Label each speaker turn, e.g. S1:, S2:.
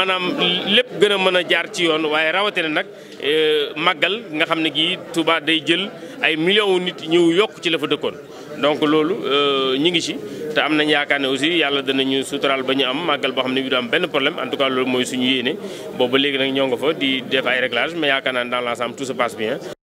S1: maanaam lépp gën a mën a jaar ci yoon waaye rawatina nag euh, màggal nga xam ne gii Touba day jël ay millions nit ñëw yokk ci la fa dëkkoon. donc loolu euh, ñi ngi ci te am nañ yaakaar ne aussi yàlla danañu suturaal ba ñu am màggal boo xam ne bi du am benn problème en tout cas loolu mooy suñu yéene boobu léegi nag ñoo fa di def ay réglages mais yaakaar naa ne dans l'ensemble tout se passe bien.